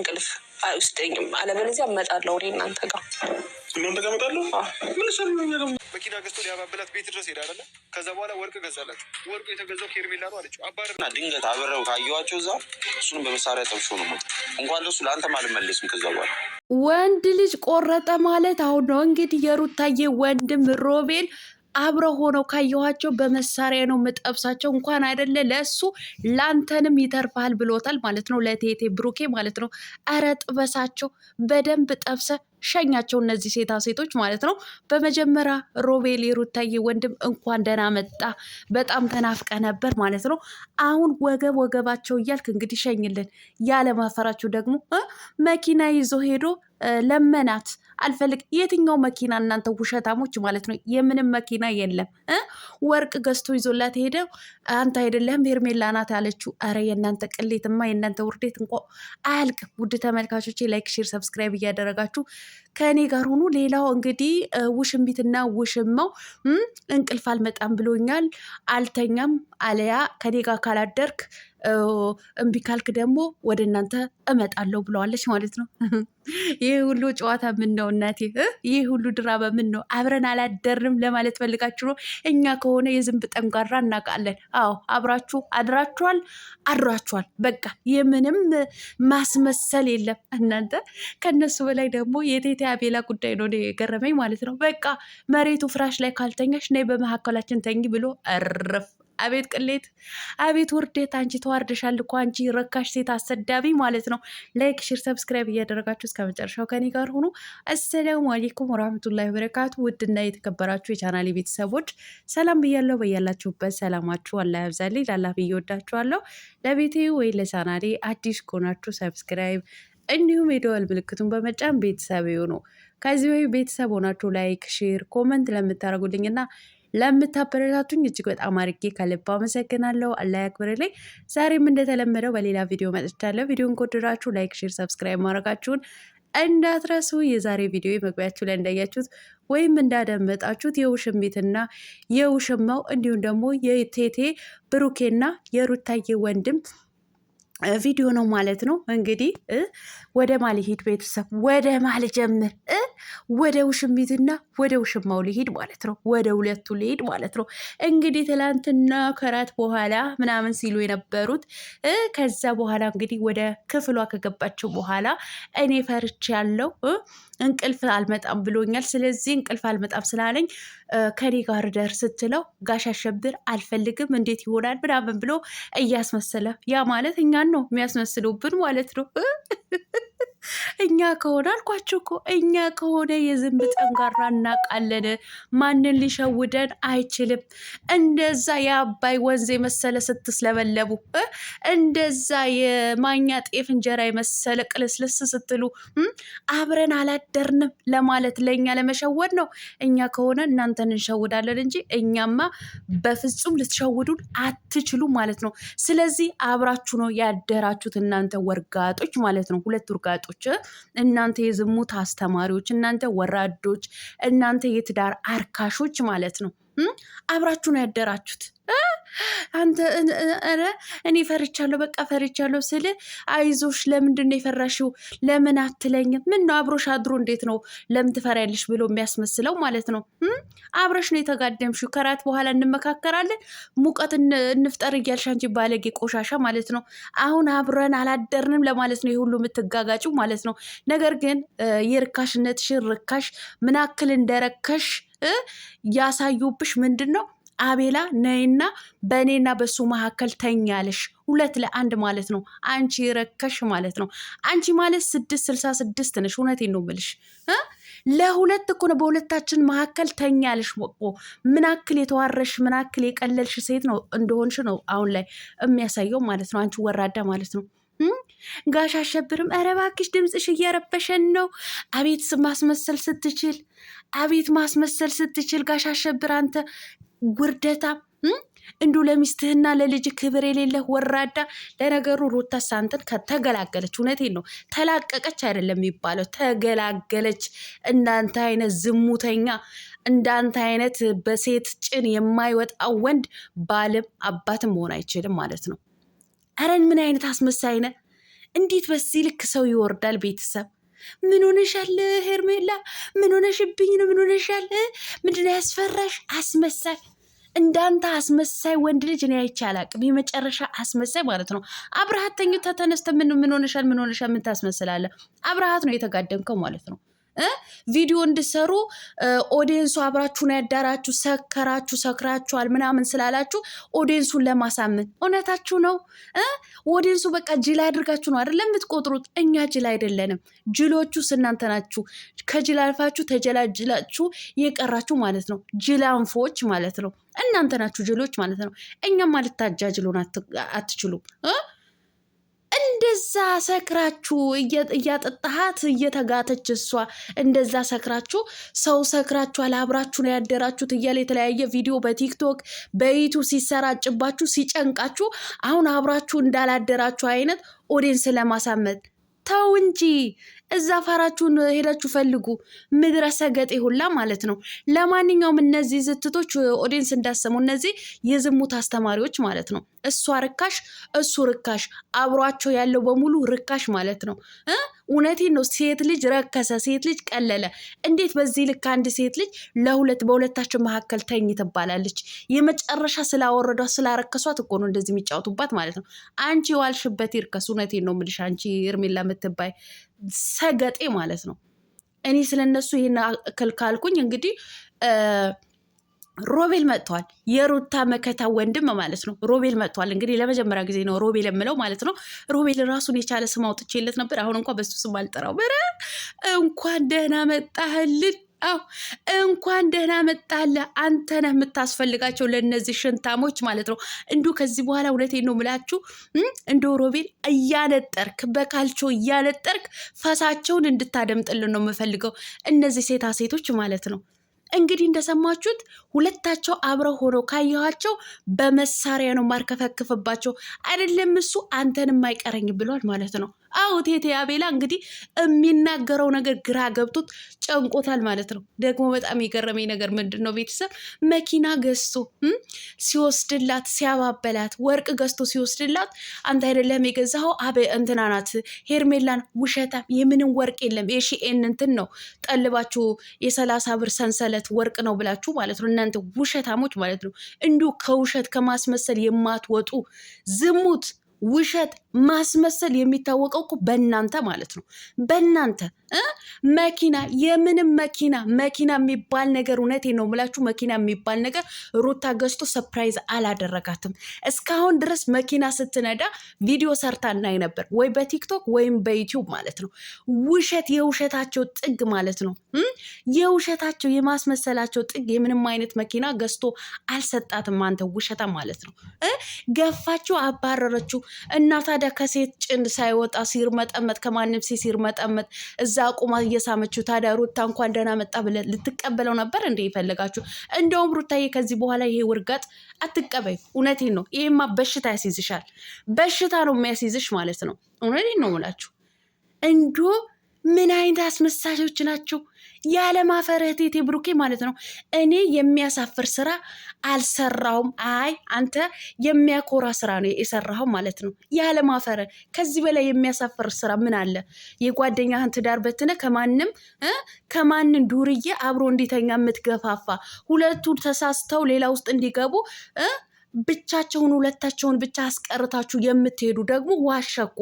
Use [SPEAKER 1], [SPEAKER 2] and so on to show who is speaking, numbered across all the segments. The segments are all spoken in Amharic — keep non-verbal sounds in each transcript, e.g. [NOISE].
[SPEAKER 1] እንቅልፍ አይወስደኝም። አለበለዚያ እመጣለሁ ወደ እናንተ ጋር
[SPEAKER 2] እናንተ ጋር እመጣለሁ።
[SPEAKER 1] መኪና ገዝቶ ሊያባብላት ቤት ድረስ ሄዳ አለ። ከዛ በኋላ ወርቅ ገዛላት። ወርቁ የተገዛው ሄርሜላ ነው አለችው። አባርና
[SPEAKER 2] ድንገት አብረው ካየዋቸው እዛ እሱንም በመሳሪያ ጠብሾ ነው ሞት። እንኳን ለሱ ለአንተም አልመለስም። ከዛ በኋላ
[SPEAKER 1] ወንድ ልጅ ቆረጠ ማለት አሁን ነው እንግዲህ የሩታዬ ወንድም ሮቤል አብረው ሆነው ካየኋቸው በመሳሪያ ነው የምጠብሳቸው። እንኳን አይደለ ለእሱ ላንተንም ይተርፋል ብሎታል ማለት ነው፣ ለቴቴ ብሩኬ ማለት ነው። እረ ጥበሳቸው በደንብ ጠብሰ ሸኛቸው እነዚህ ሴታ ሴቶች ማለት ነው። በመጀመሪያ ሮቤል የሩታዬ ወንድም እንኳን ደህና መጣ፣ በጣም ተናፍቀ ነበር ማለት ነው። አሁን ወገብ ወገባቸው እያልክ እንግዲህ ሸኝልን። ያለማፈራችሁ ደግሞ መኪና ይዞ ሄዶ ለመናት አልፈልግ። የትኛው መኪና እናንተ ውሸታሞች ማለት ነው? የምንም መኪና የለም። ወርቅ ገዝቶ ይዞላት ሄደው አንተ አይደለህም ሄርሜላ ናት ያለችው። አረ የእናንተ ቅሌትማ የእናንተ ውርዴት እንኳ አያልቅ። ውድ ተመልካቾቼ ላይክ፣ ሼር፣ ሰብስክራይብ እያደረጋችሁ ከእኔ ጋር ሆኖ ሌላው እንግዲህ ውሽሚትና ውሽማው እንቅልፍ አልመጣም ብሎኛል፣ አልተኛም አለያ ከኔ ጋር ካላደርክ እምቢ ካልክ ደግሞ ወደ እናንተ እመጣለሁ ብለዋለች ማለት ነው። [LAUGHS] ይህ ሁሉ ጨዋታ ምን ነው እናቴ? ይህ ሁሉ ድራማ ምን ነው? አብረን አላደርም ለማለት ፈልጋችሁ ነው? እኛ ከሆነ የዝንብ ጠንጋራ እናውቃለን። አዎ አብራችሁ አድራችኋል፣ አድራችኋል። በቃ የምንም ማስመሰል የለም። እናንተ ከነሱ በላይ ደግሞ የቴቴ አቤላ ጉዳይ ነው የገረመኝ ማለት ነው። በቃ መሬቱ ፍራሽ ላይ ካልተኛሽ ነይ በመካከላችን ተኝ ብሎ እርፍ አቤት ቅሌት፣ አቤት ውርዴት! አንቺ ተዋርደሻል እኮ አንቺ ረካሽ ሴት አሰዳቢ ማለት ነው። ላይክ፣ ሽር፣ ሰብስክራይብ እያደረጋችሁ እስከ መጨረሻው ከኔ ጋር ሆኑ። አሰላሙ አሌይኩም ወራህመቱላሂ ወበረካቱ። ውድና የተከበራችሁ የቻናሌ ቤተሰቦች ሰላም ብያለሁ። በያላችሁበት ሰላማችሁ አላህ ያብዛልኝ። ላላ ብዬ ወዳችኋለሁ። ለቤቴ ወይ ለቻናሌ አዲስ ከሆናችሁ ሰብስክራይብ እንዲሁም የደወል ምልክቱን በመጫን ቤተሰብ ይሁኑ። ከዚህ ወይ ቤተሰብ ሆናችሁ ላይክ፣ ሼር፣ ኮመንት ለምታደርጉልኝ እና ለምታበረታቱኝ እጅግ በጣም አድርጌ ከልብ አመሰግናለሁ። አላህ ያክብርልኝ። ዛሬም እንደተለመደው በሌላ ቪዲዮ መጥቻለሁ። ቪዲዮን ከወደዳችሁ ላይክ፣ ሼር፣ ሰብስክራይብ ማድረጋችሁን እንዳትረሱ። የዛሬ ቪዲዮ መግቢያችሁ ላይ እንዳያችሁት ወይም እንዳደመጣችሁት የውሽሚትና የውሽማው እንዲሁም ደግሞ የቴቴ ብሩኬና የሩታዬ ወንድም ቪዲዮ ነው ማለት ነው። እንግዲህ ወደ ማል ልሂድ? ቤተሰብ ወደ ማን ልጀምር? ወደ ውሽሚትና ወደ ውሽማው ልሂድ ማለት ነው። ወደ ሁለቱ ልሂድ ማለት ነው። እንግዲህ ትላንትና ከራት በኋላ ምናምን ሲሉ የነበሩት ከዛ በኋላ እንግዲህ ወደ ክፍሏ ከገባችው በኋላ እኔ ፈርች ያለው እንቅልፍ አልመጣም ብሎኛል። ስለዚህ እንቅልፍ አልመጣም ስላለኝ ከኔ ጋር ደር ስትለው ጋሽ አሸብር አልፈልግም እንዴት ይሆናል ምናምን ብሎ እያስመሰለ ያ ማለት እኛን ነው ብን ማለት ነው። [LAUGHS] እኛ ከሆነ አልኳችሁ እኮ እኛ ከሆነ የዝንብ ጠንጋራ እናቃለን። ማንን ሊሸውደን አይችልም። እንደዛ የአባይ ወንዝ የመሰለ ስትስለበለቡ፣ እንደዛ የማኛ ጤፍ እንጀራ የመሰለ ቅልስልስ ስትሉ አብረን አላደርንም ለማለት ለእኛ ለመሸወድ ነው። እኛ ከሆነ እናንተን እንሸውዳለን እንጂ እኛማ በፍጹም ልትሸውዱን አትችሉ ማለት ነው። ስለዚህ አብራችሁ ነው ያደራችሁት እናንተ ወርጋጦች ማለት ነው። ሁለት ወርጋጦች አማራጮች፣ እናንተ የዝሙት አስተማሪዎች፣ እናንተ ወራዶች፣ እናንተ የትዳር አርካሾች ማለት ነው። አብራችሁ ነው ያደራችሁት። አንተ ኧረ እኔ ፈርቻለሁ፣ በቃ ፈርቻለሁ ስል አይዞሽ፣ ለምንድን ነው የፈራሽው? ለምን አትለኝም? ምን ነው አብሮሽ አድሮ እንዴት ነው ለምን ትፈሪያለሽ ብሎ የሚያስመስለው ማለት ነው። አብረሽ ነው የተጋደምሽው። ከራት በኋላ እንመካከራለን፣ ሙቀት እንፍጠር እያልሽ አንቺ ባለጌ ቆሻሻ ማለት ነው። አሁን አብረን አላደርንም ለማለት ነው የሁሉ የምትጋጋጩ ማለት ነው። ነገር ግን የርካሽነትሽን ርካሽ ምናክል እንደረከሽ ያሳዩብሽ ምንድን ነው አቤላ ነይና በእኔና በሱ መካከል ተኛለሽ። ሁለት ለአንድ ማለት ነው። አንቺ ረከሽ ማለት ነው። አንቺ ማለት ስድስት ስልሳ ስድስት ነሽ። እውነቴን ነው የምልሽ ለሁለት እኮ ነው። በሁለታችን መካከል ተኛለሽ። ሞቆ ምናክል የተዋረሽ ምናክል የቀለልሽ ሴት ነው እንደሆንሽ ነው አሁን ላይ የሚያሳየው ማለት ነው። አንቺ ወራዳ ማለት ነው። ጋሽ አሸብርም ኧረ እባክሽ ድምፅሽ እየረበሸን ነው። አቤት ማስመሰል ስትችል፣ አቤት ማስመሰል ስትችል ጋሽ አሸብር አንተ ውርደታ እንዱ ለሚስትህና ለልጅ ክብር የሌለህ ወራዳ። ለነገሩ ሩታ ሳንትን ተገላገለች። እውነቴን ነው። ተላቀቀች አይደለም የሚባለው ተገላገለች። እንዳንተ አይነት ዝሙተኛ፣ እንዳንተ አይነት በሴት ጭን የማይወጣ ወንድ ባልም አባትም መሆን አይችልም ማለት ነው። አረን ምን አይነት አስመሳይነ! እንዴት በዚህ ልክ ሰው ይወርዳል? ቤተሰብ ምን ሆነሻል ሄርሜላ? ምን ሆነሽብኝ ነው? ምን ሆነሻል? ምንድነው ያስፈራሽ? አስመሳይ እንዳንተ አስመሳይ ወንድ ልጅ እኔ አይቼ አላቅም። የመጨረሻ አስመሳይ ማለት ነው። አብርሃት ተኝታ ተነስተ ምን ሆነሻል? ምን ሆነሻል? ምን ታስመስላለህ? አብርሃት ነው የተጋደምከው ማለት ነው። ቪዲዮ እንድሰሩ ኦዲየንሱ አብራችሁን ያዳራችሁ ሰከራችሁ ሰክራችኋል ምናምን ስላላችሁ ኦዲየንሱን ለማሳመን እውነታችሁ ነው። ኦዲየንሱ በቃ ጅል አድርጋችሁ ነው አይደለም የምትቆጥሩት። እኛ ጅል አይደለንም። ጅሎቹ እናንተ ናችሁ። ከጅል አልፋችሁ ተጀላጅላችሁ የቀራችሁ ማለት ነው። አንፎች ማለት ነው። እናንተ ናችሁ ጅሎች ማለት ነው። እኛም አልታጃጅሉን አትችሉም። እንደዛ ሰክራችሁ እያጠጣሃት እየተጋተች እሷ እንደዛ ሰክራችሁ ሰው ሰክራችኋል፣ አብራችሁ ነው ያደራችሁት እያለ የተለያየ ቪዲዮ በቲክቶክ በዩቱብ ሲሰራጭባችሁ ሲጨንቃችሁ አሁን አብራችሁ እንዳላደራችሁ አይነት ኦዲንስ ለማሳመት። ተው እንጂ እዛ አፋራችሁን ሄዳችሁ ፈልጉ። ምድረ ሰገጤ ሁላ ማለት ነው። ለማንኛውም እነዚህ ዝትቶች ኦዲንስ እንዳሰሙ እነዚህ የዝሙት አስተማሪዎች ማለት ነው። እሷ ርካሽ፣ እሱ ርካሽ፣ አብሯቸው ያለው በሙሉ ርካሽ ማለት ነው። እውነቴን ነው። ሴት ልጅ ረከሰ፣ ሴት ልጅ ቀለለ። እንዴት በዚህ ልክ አንድ ሴት ልጅ ለሁለት በሁለታቸው መካከል ተኝ ትባላለች? የመጨረሻ ስላወረዷት ስላረከሷት እኮ ነው እንደዚህ የሚጫወቱባት ማለት ነው። አንቺ የዋልሽበት ይርከስ። እውነቴን ነው የምልሽ አንቺ እርሜላ የምትባይ ሰገጤ ማለት ነው። እኔ ስለነሱ ይህን እክል ካልኩኝ እንግዲህ ሮቤል መጥቷል። የሩታ መከታ ወንድም ማለት ነው። ሮቤል መጥቷል። እንግዲህ ለመጀመሪያ ጊዜ ነው ሮቤል የምለው ማለት ነው። ሮቤል ራሱን የቻለ ስም አውጥቼለት ነበር። አሁን እንኳ በሱ ስም አልጠራው። በረ እንኳን ደህና መጣህልን። አዎ እንኳን ደህና መጣለህ። አንተ ነህ የምታስፈልጋቸው ለእነዚህ ሽንታሞች ማለት ነው። እንዱ ከዚህ በኋላ እውነቴን ነው የምላችሁ፣ እንደ ሮቤል እያነጠርክ በካልቾ እያነጠርክ ፈሳቸውን እንድታደምጥልን ነው የምፈልገው እነዚህ ሴታ ሴቶች ማለት ነው። እንግዲህ እንደሰማችሁት ሁለታቸው አብረው ሆነው ካየኋቸው በመሳሪያ ነው ማርከፈክፍባቸው። አይደለም እሱ አንተን የማይቀረኝ ብሏል ማለት ነው። አዎ ቴቴ አቤላ እንግዲህ የሚናገረው ነገር ግራ ገብቶት ጨንቆታል ማለት ነው። ደግሞ በጣም የገረመኝ ነገር ምንድን ነው ቤተሰብ መኪና ገዝቶ ሲወስድላት ሲያባበላት፣ ወርቅ ገዝቶ ሲወስድላት አንተ አይደለም የገዛኸው አበ እንትና ናት ሄርሜላን፣ ውሸታም የምንም ወርቅ የለም የሺኤን እንትን ነው ጠልባችሁ የሰላሳ ብር ሰንሰለት ወርቅ ነው ብላችሁ ማለት ነው እናንተ ውሸታሞች ማለት ነው። እንዲሁ ከውሸት ከማስመሰል የማትወጡ ዝሙት ውሸት ማስመሰል የሚታወቀው እኮ በእናንተ ማለት ነው። በእናንተ መኪና የምንም መኪና መኪና የሚባል ነገር እውነቴ ነው የምላችሁ መኪና የሚባል ነገር ሩታ ገዝቶ ሰፕራይዝ አላደረጋትም። እስካሁን ድረስ መኪና ስትነዳ ቪዲዮ ሰርታ እናይ ነበር፣ ወይ በቲክቶክ ወይም በዩቲዩብ ማለት ነው። ውሸት የውሸታቸው ጥግ ማለት ነው። የውሸታቸው የማስመሰላቸው ጥግ። የምንም አይነት መኪና ገዝቶ አልሰጣትም። አንተ ውሸታ ማለት ነው። ገፋችሁ፣ አባረረችው እና ታዲያ ከሴት ጭን ሳይወጣ ሲርመጠመጥ ከማንም ሴት ሲርመጠመጥ እዛ ቁማ እየሳመችው ታዲያ ሩታ እንኳን ደህና መጣ ብለን ልትቀበለው ነበር እንደ ይፈልጋችሁ። እንደውም ሩታዬ ከዚህ በኋላ ይሄ ውርጋጥ አትቀበይ። እውነቴን ነው። ይሄማ በሽታ ያስይዝሻል። በሽታ ነው የሚያስይዝሽ ማለት ነው። እውነቴን ነው ምላችሁ እንዶ ምን አይነት አስመሳሾች ናቸው? ያለማፈርህ እቴቴ ብሩኬ ማለት ነው። እኔ የሚያሳፍር ስራ አልሰራውም። አይ አንተ የሚያኮራ ስራ ነው የሰራኸው ማለት ነው። ያለማፈረ ከዚህ በላይ የሚያሳፍር ስራ ምን አለ? የጓደኛህን ትዳር በትነ ከማንም ከማንን ዱርዬ አብሮ እንዲተኛ የምትገፋፋ ሁለቱ ተሳስተው ሌላ ውስጥ እንዲገቡ ብቻቸውን ሁለታቸውን ብቻ አስቀርታችሁ የምትሄዱ ደግሞ ዋሸኮ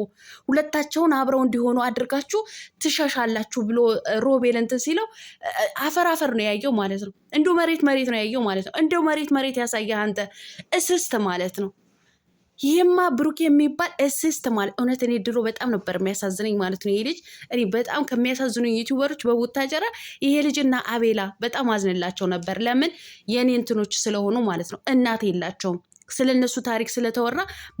[SPEAKER 1] ሁለታቸውን አብረው እንዲሆኑ አድርጋችሁ ትሸሻላችሁ ብሎ ሮቤል እንትን ሲለው አፈር አፈር ነው ያየው ማለት ነው። እንዲሁ መሬት መሬት ነው ያየው ማለት ነው። እንዲሁ መሬት መሬት ያሳየህ አንተ እስስት ማለት ነው። ይህማ ብሩክ የሚባል እስስት ማለት እውነት እኔ ድሮ በጣም ነበር የሚያሳዝነኝ ማለት ነው። ይሄ ልጅ እኔ በጣም ከሚያሳዝኑኝ ዩቲዩበሮች በቡታጀራ ይሄ ልጅና አቤላ በጣም አዝንላቸው ነበር። ለምን የኔ እንትኖች ስለሆኑ ማለት ነው። እናት የላቸውም ስለ እነሱ ታሪክ ስለተወራ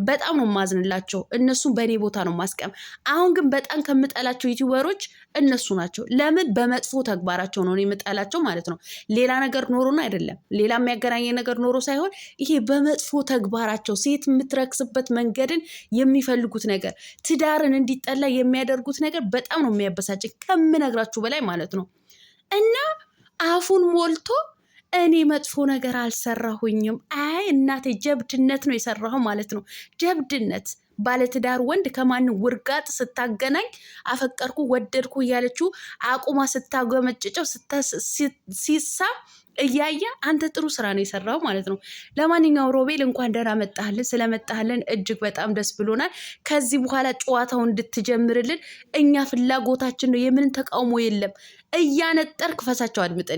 [SPEAKER 1] በጣም ነው ማዝንላቸው። እነሱን በእኔ ቦታ ነው ማስቀም። አሁን ግን በጣም ከምጠላቸው ዩቲዩበሮች እነሱ ናቸው። ለምን በመጥፎ ተግባራቸው ነው የምጠላቸው ማለት ነው። ሌላ ነገር ኖሮና አይደለም፣ ሌላ የሚያገናኘ ነገር ኖሮ ሳይሆን ይሄ በመጥፎ ተግባራቸው ሴት የምትረክስበት መንገድን የሚፈልጉት ነገር፣ ትዳርን እንዲጠላ የሚያደርጉት ነገር በጣም ነው የሚያበሳጭ ከምነግራችሁ በላይ ማለት ነው እና አፉን ሞልቶ እኔ መጥፎ ነገር አልሰራሁኝም። አይ እናቴ ጀብድነት ነው የሰራሁ ማለት ነው። ጀብድነት ባለትዳር ወንድ ከማንም ውርጋጥ ስታገናኝ አፈቀርኩ፣ ወደድኩ እያለችው አቁማ ስታጎመጭጨው ሲሳ እያየ አንተ ጥሩ ስራ ነው የሰራው ማለት ነው። ለማንኛውም ሮቤል እንኳን ደህና መጣህልን። ስለመጣህልን እጅግ በጣም ደስ ብሎናል። ከዚህ በኋላ ጨዋታው እንድትጀምርልን እኛ ፍላጎታችን ነው። የምን ተቃውሞ የለም። እያነጠርክ ፈሳቸው አድምጠን